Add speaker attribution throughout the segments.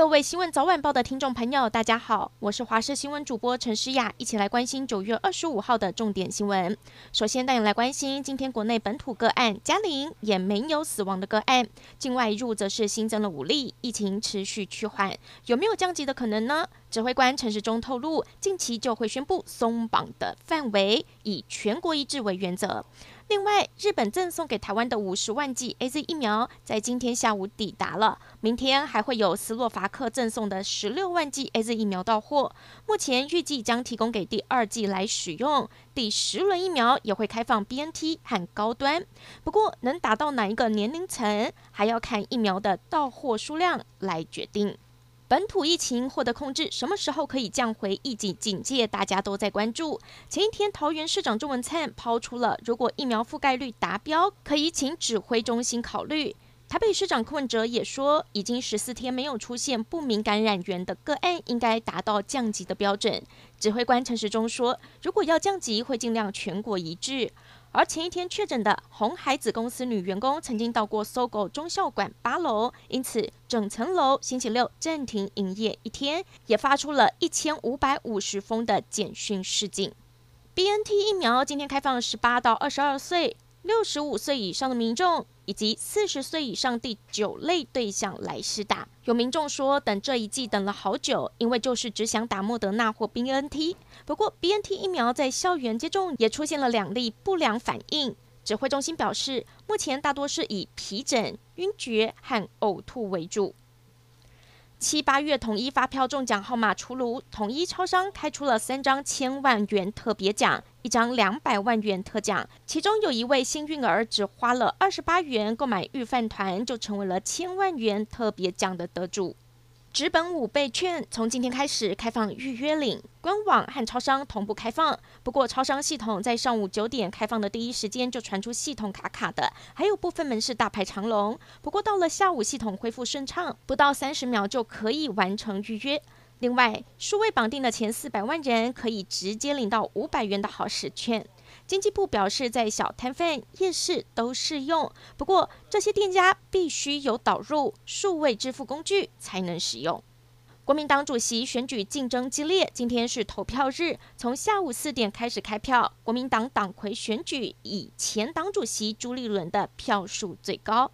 Speaker 1: 各位新聞早晚報的聽眾朋友，大家好，我是華視新聞主播陳詩雅，一起來關心九月二十五號的重點新聞。首先，帶您來關心今天國內本土個案，加零也沒有死亡的個案，境外入則是新增了五例，疫情持續趨緩，有沒有降級的可能呢？指揮官陳時中透露，近期就會宣布鬆綁的範圍，以全國一致為原則。另外，日本贈送給台灣的五十萬劑 AZ 疫苗在今天下午抵達了，明天還會有斯洛伐克贈送的十六萬劑 AZ 疫苗到貨。目前預計將提供給第二劑來使用，第十輪疫苗也會開放 BNT 和高端，不過能達到哪一個年齡層，還要看疫苗的到貨數量來決定。本土疫情獲得控制，什麼時候可以降回疫情警戒？大家都在關注。前一天，桃園市長鄭文燦拋出了，如果疫苗覆蓋率達標，可以請指揮中心考慮。台北市長柯文哲也說，已經十四天沒有出現不明感染源的個案，應該達到降級的標準。指揮官陳時中說，如果要降級，會儘量全國一致。而前一天確診的鴻海子公司女員工曾經到過 SOGO 忠孝館八樓，因此整層樓星期六暫停營業一天，也發出了一千五百五十封的簡訊示警。BNT 疫苗今天開放十八到二十二歲、六十五歲以上的民眾。以及四十歲以上第九類對象來施打。有民眾說，等這一劑，等了好久，因為就是只想打莫德納或 BNT。不過 BNT 疫苗在校園接種也出現了兩例不良反應，指揮中心表示，目前大多是以皮疹、暈厥和嘔吐為主。七八月統一發票中獎號碼出爐，統一超商開出了三張千萬元特別獎，一張兩百萬元特獎。其中有一位幸運兒只花了二十八元購買御飯糰，就成為了千萬元特別獎的得主。紙本五倍券從今天開始開放預約領，官網和超商同步開放。不過超商系統在上午九點開放的第一時間就傳出系統卡卡的，還有部分門市大排長龍。不過到了下午，系統恢復順暢，不到三十秒就可以完成預約。另外，數位綁定的前四百萬人可以直接領到五百元的好食券。經濟部表示，在小攤販、夜市都適用。不過，這些店家必須有導入數位支付工具才能使用。國民黨主席選舉競爭激烈，今天是投票日，從下午四點開始開票。國民黨黨魁選舉以前黨主席朱立倫的票數最高。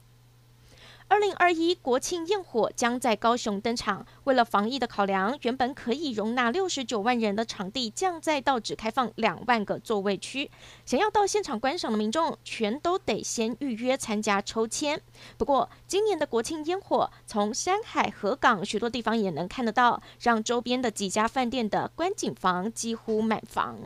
Speaker 1: 二零二一國慶焰火將在高雄登場。為了防疫的考量，原本可以容納六十九萬人的場地，將在到只開放兩萬個座位區。想要到現場觀賞的民眾，全都得先預約參加抽籤。不過，今年的國慶煙火從山海河港許多地方也能看得到，讓周邊的幾家飯店的觀景房幾乎滿房。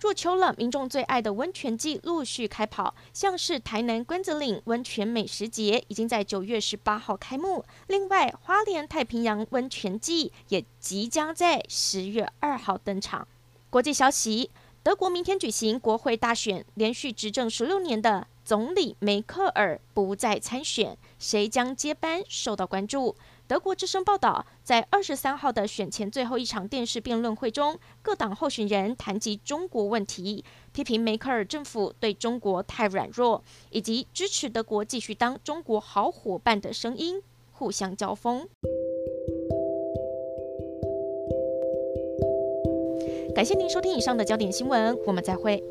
Speaker 1: 入秋了，民眾最愛的溫泉季陸續開跑，像是台南關子嶺溫泉美食節已經在九月十八號開幕，另外花蓮太平洋溫泉季也即將在十月二號登場。國際消息，德國明天舉行國會大選，連續執政十六年的。總理梅克爾不再參選，誰將接班受到關注？德國之聲報道，在二十三號的選前最後一場電視辯論會中，各黨候選人談及中國問題，批評梅克爾政府對中國太軟弱，以及支持德國繼續當中國好夥伴的聲音，互相交鋒。感謝您收聽以上的焦點新聞，我們再會。